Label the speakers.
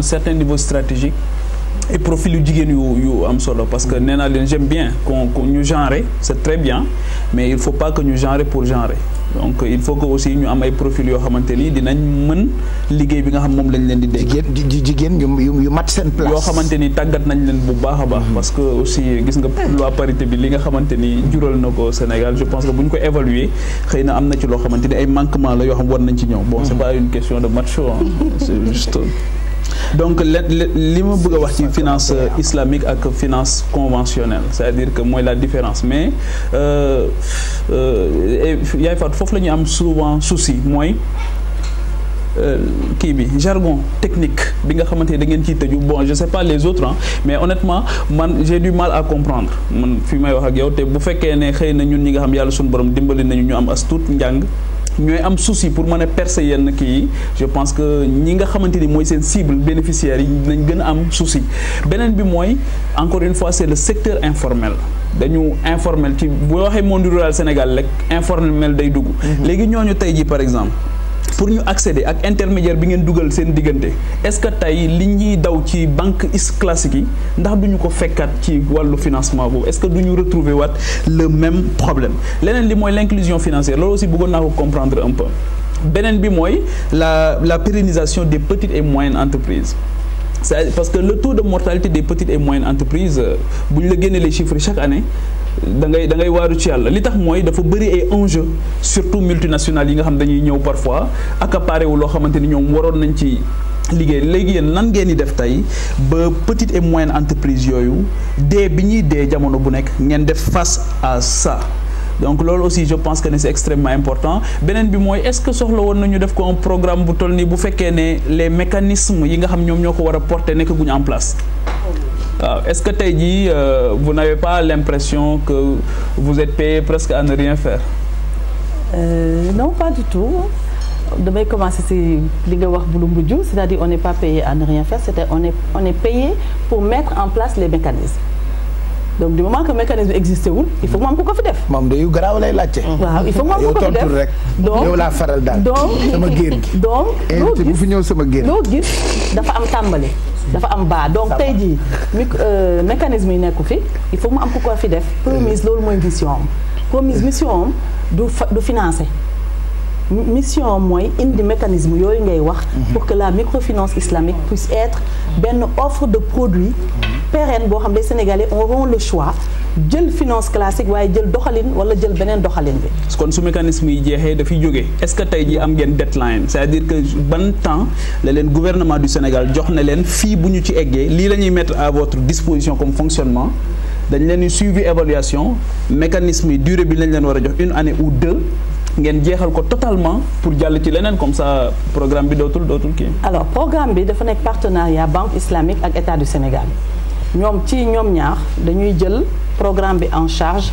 Speaker 1: un certain niveau stratégique profil yu jigéen yu yu am solo parce que nee naa leen j'aime bien qu'on qu'on ñu genrer c'est très bien mais il faut pas que ñu genrer pour genrer donc il faut que aussi ñu am ay profil yoo xamante ni dinañ mën liggéey bi nga xam moom lañ leen di dégg jigéen yu mat seen place yoo xamante ni tàggat nañ leen bu baax a baax mm-hmm. parce que aussi gis nga loi parité bi li nga xamante ni jural na ko Sénégal je pense que bu ñu ko évaluer xëy na am na ci loo xamante ni ay manquement la yoo xam war nañ ci ñëw bon c'est mm-hmm. pas une question de donc li ma bëgg a wax ci finance islamique ak finance conventionnelle c'est-à-dire que mooy la différence mais euh, euh, yaay faat foofu la ñuy am souvent souci mooy euh, kii bi jargon technique bi nga xamante ne da ciy tëju bon je sais pas les autres ah mais honnêtement man j'ai du mal à comprendre man fi may wax ak yow te bu fekkee ne xëy na ñun ñi nga xam yàlla suñu borom dimbali nañu ñu am as tuut njàng ñooy am souci pour mën a percer yenn kii je pense que ñi nga xamante ni mooy seen cible bénéficiaires yi dinañ gën a am souci beneen bi mooy encore une fois c'est le secteur informel dañu informel ci boo waxee monde rural Sénégal rek informel day dugg mm-hmm. léegi ñooñu tey ji par exemple pour ñu accéder ak intermédiaire bi ngeen dugal seen diggante est-ce que tey li ñuy daw ci banque is classique yi ndax du ñu ko fekkaat ci wàllu financement boobu est-ce que du ñu retrouver waat le même problème leneen li mooy l'inclusion financière loolu aussi bëggoon naa ko comprendre un peu beneen bi mooy la la pérennisation des petites et moyennes entreprises c'est parce que le taux de mortalité des petites et moyennes entreprises euh, bu ñu la génnee le chiffres chaque année da ngay da ngay waaru ci yàlla li tax mooy dafa bëri ay enjeu surtout multinationales yi nga xam dañuy ñëw parfois accaparé wu loo xamante ni ñoom waroon nañ ci liggéey léegi yéen nan ngeen di def tey ba petite et moyen entreprise yooyu dee bi ñuy dee jamono bu nekk ngeen def face à sa donc loolu aussi je pense que ne c'est extrêmement important beneen bi mooy est-ce que soxla woon nañu def ko un programme bu toll nii bu fekkee ne les mécanisme yi nga xam ñoom ñoo ko war a porter nekkaguñu en place. waaw ah, est-ce que tey jii euh, vous n'avez pas l'impression que vous êtes payé presque à ne rien faire
Speaker 2: euh, non pas du tout damay commencer ci li nga wax bu lu mujj c'est-à-dire on n'est pas payé à ne rien faire c'est-à-dire on est on est payé pour mettre en place les mécanismes donc du moment que mécanisme existé wul il faut que am ku ko fi
Speaker 1: def. moom de yu garaaw lay laajte. waaw il faut que am ku ko fi def rek. donc yow faral daal. donc sama géer gi. donc eh, loo gis bu fi ñëw sama géer.
Speaker 2: dafa am tàmbali. dafa am baa donc tey jii euh, mécanisme yi nekku fi il faut mu am ku ko fi def promise loolu mooy mission am mission am du du financé mission mooy indi mécanisme yooyu ngay wax pour que la microfinance islamique puisse être benn offre de produits pérenne boo xam ne Sénégalais auront le choix jël finance classique waaye jël doxalin wala jël beneen doxalin bi.
Speaker 1: kon su mécanisme yi jeexee dafay jóge est-ce que tey jii am ngeen deadline c'est-à-dire que ban temps la leen gouvernement du Sénégal jox na leen fii bu ñu ci eggee lii la ñuy mettre à votre disposition comme fonctionnement dañ leen di suivi évaluation mécanisme yi durée bi lañ leen war jox une année ou deux. ngeen jeexal ko totalement pour jàll ci leneen comme ça programme bi dootul dootul kii.
Speaker 2: alors programme bi dafa nekk partenariat banque islamique ak état du Sénégal ñoom ci ñoom ñaax dañuy jël programme bi en charge.